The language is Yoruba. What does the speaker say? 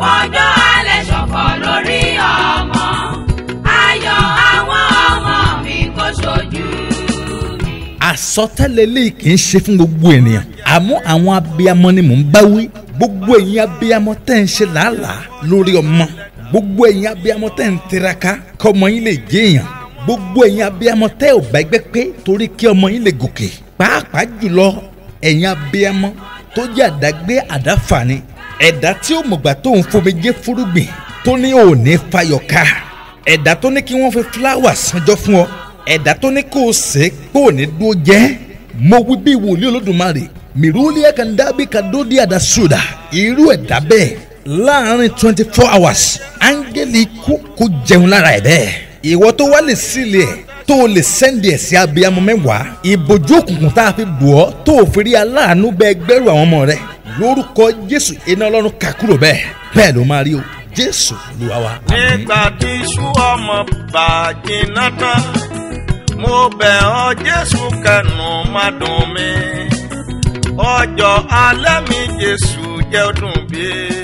fọjọ́ alẹ́ ṣọ̀fọ̀ lórí ọmọ ayọ̀ àwọn ọmọ mi kò ṣojú mi. àsọtẹ́lẹ̀ eléyìí kì í ṣe fún gbogbo ènìyàn àmọ́ àwọn abiyamọ ni mò ń bá wí gbogbo ẹ̀yin abiyamọ tẹ́ ń ṣe làálàá lórí ọmọ gbogbo ẹ̀yin abiyamọ tẹ́ ń tiraka kọ́mọ yín lè jẹ́ èèyàn gbogbo ẹ̀yin abiyamọ tẹ́ ò bá ẹgbẹ́ pé torí kí ọmọ yín lè gòkè pàápàá jùlọ ẹ̀yin abiyamọ tó jẹ́ àdágbé àdáfàní ẹ̀dá tí ó mọ̀gbà tó ń fomijé fúrúgbìn tó ní òní fayọ̀ká ẹ̀dá tó ní kí wọ́n fi fúláwà sanjọ́ fún ọ ẹ̀dá tó ní kó o sè kó o ní dúró jẹ́ mo wí bí wòlíì olódùmarè mìrúlẹ̀ kan dábì kan dóde àdásùdà irú ẹ̀dá bẹ́ẹ̀ láàárín twenty four hours áńgẹ́lì ikú kò jẹun lára ẹ̀ bẹ́ẹ̀ ìwọ tó wá lè sílẹ̀ ẹ̀ tó o lè sẹ́ndì ẹ̀ sí abiyamọ mẹ́wàá ìbòjú òkùnkùn tá a fi bù ọ́ tó o fi rí aláàánú bẹ́ẹ̀ gbẹ́rù àwọn ọmọ rẹ̀ lórúkọ jésù iná ọlọ́run kà kúrò bẹ́ẹ̀ bẹ́ẹ̀ ló máa rí o jésù ló wá nígbà tí iṣu ọmọ bàjẹ́ náà tán mo bẹ̀ ọ́ jésù kẹnu má dùn mí ọjọ́ alẹ́ mi jésù jẹ́ dùn bíi.